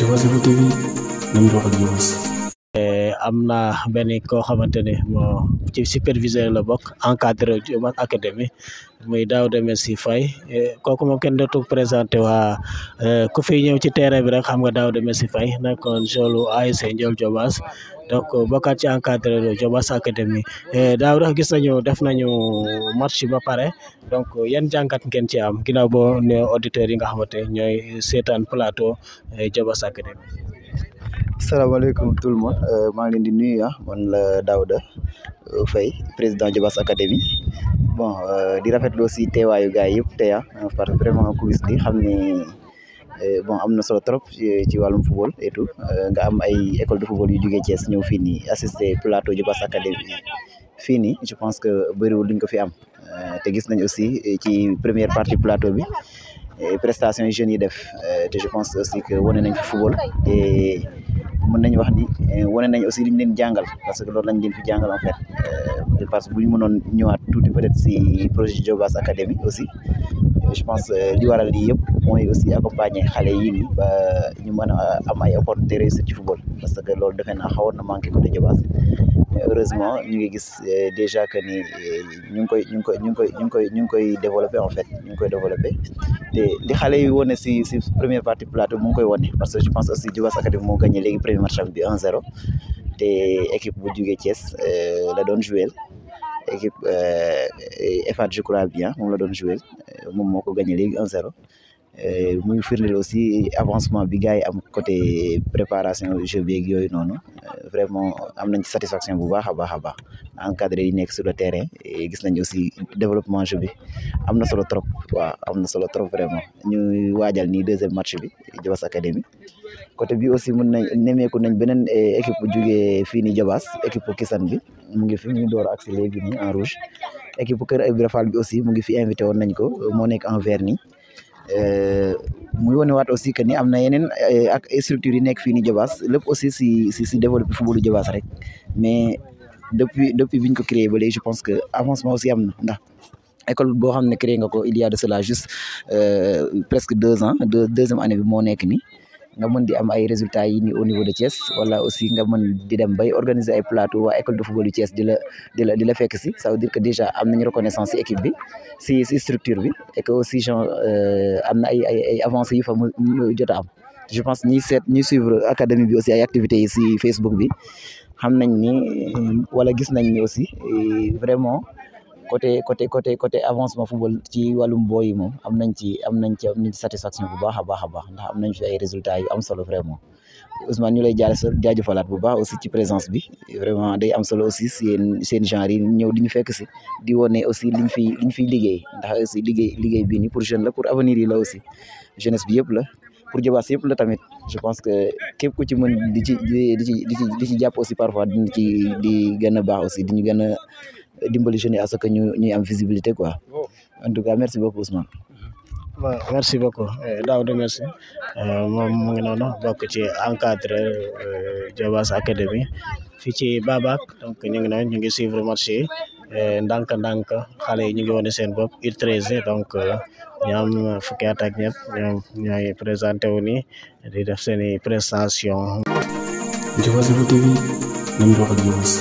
যোগাযোগ TV number news am naa benn koo xamante ne moo ci superviseur la bokk encadré Diobass académie muy Daouda Messi Faye kooku moom kenn dootu présenté waa euh, ku fi ñëw ci terrain bi rek xam nga Daouda Messi Faye nekkoon jolu ASC Ndiol Diobass donc bokkaat ci encadré Diobass académie euh, Daouda gis nañu def nañu match ba pare donc yan jàngat ngeen ci am ginnaaw bo ne auditeurs yi nga xamante ñooy seetaan plateau euh, Diobass académie salaamaaleykum tout le monde euh, maa ngi di nuyu ah man la Daouda euh, fay président Diobass Académie bon euh, di rafetlo aussi teewaayu gars yëpp tey ah parce que vraiment ko gis di xam ni bon am solo trop ci walum football et tout nga am ay école de football yu jógee Thiès ñeu fii nii assister plateau Diobass Académie fini je pense que bëriwul duñ ko fi am té gis nañ aussi ci première partie plateau bi prestation jeunes yi def je pense aussi que woné nañ fi football et mën nañ wax ni eh, wane nañ aussi liñ leen jàngal parce que loolu lañ leen fi jàngal en eh, parce que bu ñu mënoon ñëwaat tuuti peut-être si projet Diobass Académie aussi je pense euh, li waral lii yëpp mooy aussi accompagner xale yi ni ba ñu mën a am ay opportunité ci football parce que loolu defe naa xawoon na manqué côté Diobass mais heureusement ñu ngi gis euh, déjà que ni euh, ñu ngi koy ñu ngi koy ñu ngi koy ñu ngi koy ñu ngi koy développer en fait ñu ngi koy développer te li xale yi wone si si première partie plateau mu ngi koy wone parce que je pense aussi Diobass Academy moo gagné léegi premier match bi 1-0 te équipe bu jugee Thiès la doon jouer équipe EFAT euh, je crois bien moom la donné jouer euh, moom moo gagné Ligue euh, 1-0 muy firndeel aussi avancement bi la am côté préparation jeu beeg yooyu vraiment am nañ ci satisfaction bu voir, a baax encadré yi sur le terrain gis nañ aussi développement jeu bi am solo trop waaw am na solo trop vraiment ñu deuxième match bi l'Académie. l'académie. côté bi aussi mun nañ nemeeku nañ beneen eh, équipe bu jugee fii ni Jobaas équipe Kisan bi mu ngi fi mu ngi door accès léegi nii en rouge équipe Kër Ibra bi aussi mu ngi fi invité woon nañ ko moo nekk en vert mu eh, muy wonewaat aussi que ni am na yeneen eh, ak structure yi nekk fii ni Jobaas lépp aussi si si si développé footballu Jobaas rek mais depuis depuis biñ ko créé ba léegi je pense que avancement aussi am na ndax école boo xam ne créé nga ko il y a de cela juste euh, presque deux ans deux deuxième année bi moo nekk nii nga mën di am ay résultats yi ni au niveau de Thiès wala aussi nga mën di dem bay organiser ay plateau wa école de football de Thiès di la di la di la fekk si ça veut dire que déjà am nañu reconnaissance si équipe bi ci structure bi et que aussi genre euh, am na ay ay avancées yi fa jot am je pense ni set ni suivre académie bi aussi ay activités ici, Facebook bi xam nañ ni wala gis nañ ni aussi vraiment côté côté côté avancement football ci walum boy mom amnañ ci amnañ ci satisfaction bu a baax ndax ay résultats yu am solo vraiment Ousmane ñu lay sa bu aussi ci présence bi vraiment day am solo aussi seen genre yi fekk di aussi liñ liñ ndax pour jeune la pour avenir yi la aussi jeunesse bi pour la je pense que képp parfois di aussi di dimbali à que ñu visibilité en tout cas merci beaucoup Ousmane. merci beaucoup eh, merci eh, ngi ci eh, ci donc ngi ngi suivre marché donc. ñu am fukki at ak ñett ñoom ñoo ngi présenté wu nii di def seen i prestation. Ndiobassi TV nañ doxal Ndiobassi.